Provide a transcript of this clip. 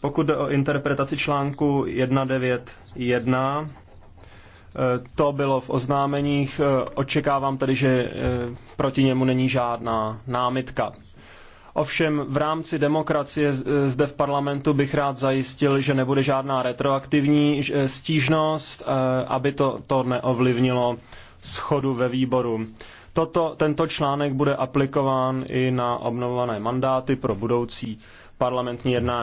Pokud jde o interpretaci článku 191, eh, to bylo v oznámeních, eh, očekávám tedy, že eh, proti němu není žádná námitka. Ovšem v rámci demokracie zde v parlamentu bych rád zajistil, že nebude žádná retroaktivní stížnost, aby to, to neovlivnilo schodu ve výboru. Toto, tento článek bude aplikován i na obnovované mandáty pro budoucí parlamentní jednání.